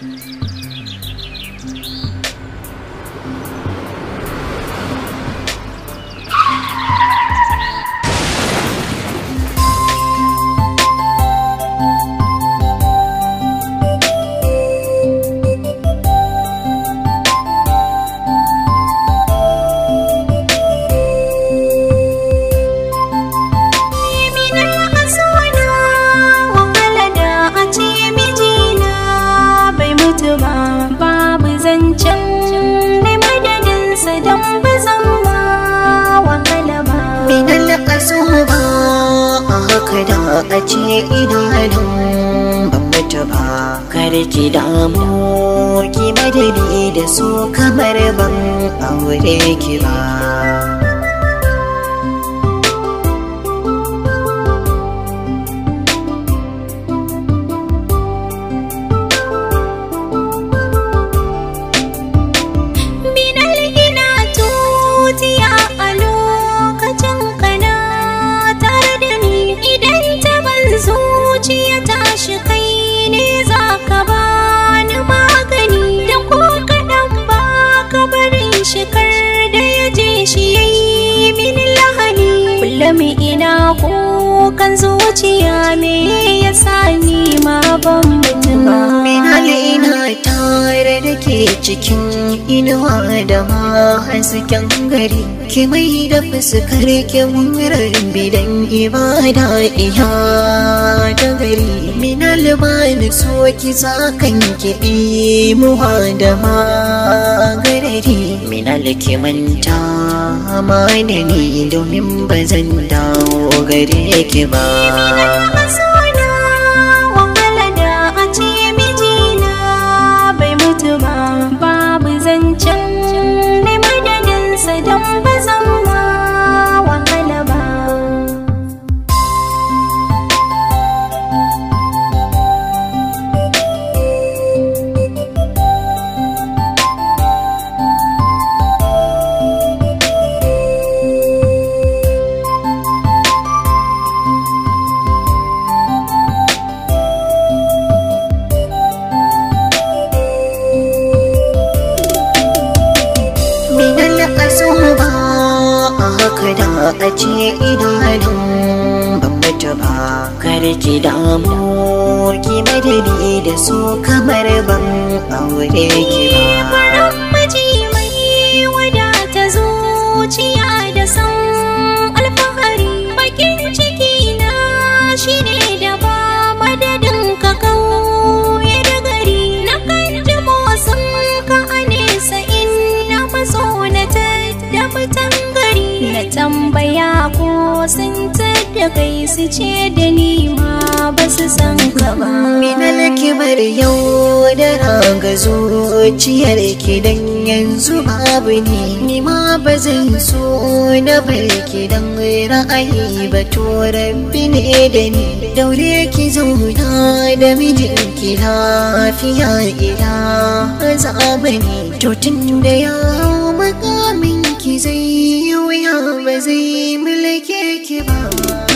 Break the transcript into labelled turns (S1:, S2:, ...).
S1: Música
S2: a ido idanun ban mutu ba ki damu ki madadi da su kamar ban aure ki ba
S1: ban yana Mina ina tare
S2: da ke cikin inuwa da ma hasken gari Ki mai da fuskar ki wurin bidan ibada iya da gari ba ni so ki za kan ki imuwa da ma Minal Mina ki manta ma da ni domin ba zan dawo gare ki ba guda a ce idanun ban ba karki damu ki madadi da su kamar ban aure ki ba
S1: ko sun da kai su ce da nima ba su san ka ba minal bar yau da raga
S2: zuciyar ki dan yanzu babu ni ni ma ba zan so na bar ki dan ra'ayi ba to rabbi ne da ni daure ki zauna da mijinki lafiya ila zabani to tun da ya makamin ki zai wuya ba zai mulke ki ba